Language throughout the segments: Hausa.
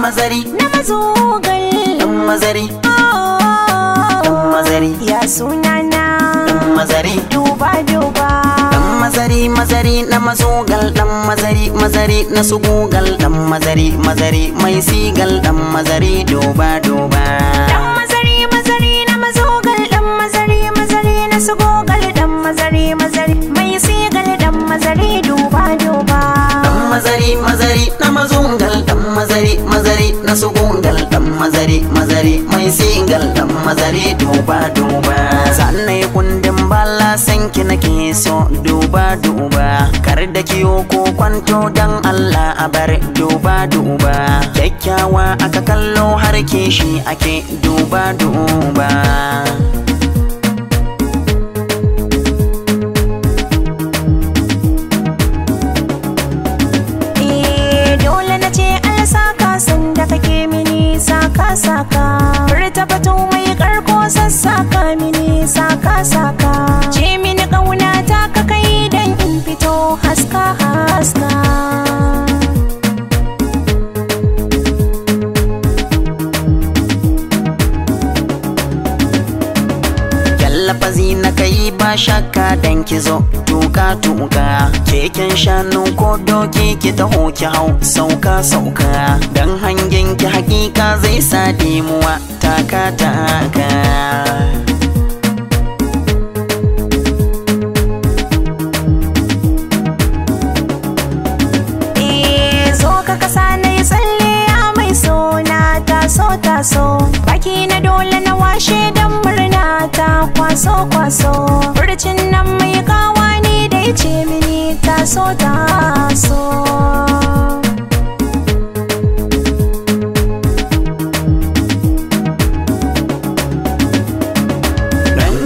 mazari na mazogal dan mazari oh. dan mazari ya sunana dan mazari duba duba dan mazari mazari na mazogal dan mazari mazari na sugugal dan mazari mazari mai sigal dan mazari duba duba dan mazari mazari na mazogal dan mazari mazari na sugugal dan mazari mazari mai sigal dan mazari duba duba mazari mazari na mazungal mazari mazari na sugungal dan mazari mazari mai singal dan mazari duba duba sannan kundin bala sanki nake so duba duba kar da kiyo ko kwanto dan Allah a bar duba duba kyakkyawa aka kallo har kishi ake duba duba pasa ba shakka dan ki zo tuka tuka keken shanu ko doki ki taho ki hau sauka sauka dan hangen ki hakika zai sa dimuwa taka taka eh, taso baki na dole na washe dan murna ta kwaso kwaso so ta so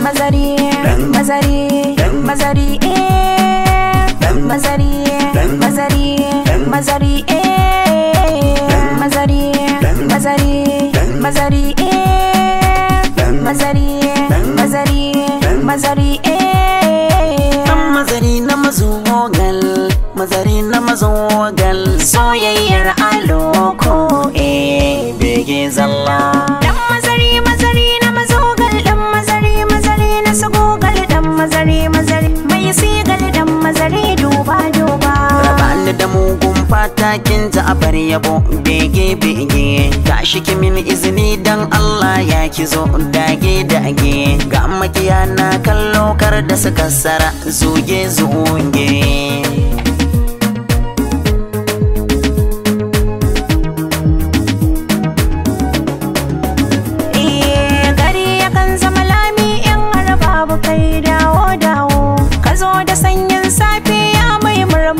mazari mazari mazari eh mazari mazari mazari eh zogal soyayyar aloko eh bege zalla dan mazari mazari na mazogal dan mazari mazari na sugogal dan mazari mazari mai sigal dan mazari duba duba rabani da mugun fatakin ta a bar yabo bege bege tashi kimin izini dan Allah ya ki zo dage dage ga makiya na kallo kar da suka sara zuge zuge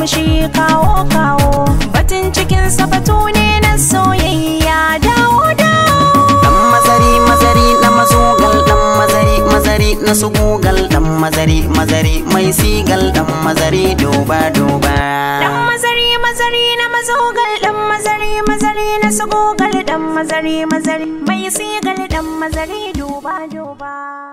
murmushi kawo kawo batun cikin sabatu ne na soyayya dawo dawo dan mazari mazari na mazugal dan mazari mazari na sugugal dan mazari mazari mai sigal dan mazari doba doba dan mazari mazari na mazugal dan mazari mazari na sugugal dan mazari mazari mai sigal dan mazari doba doba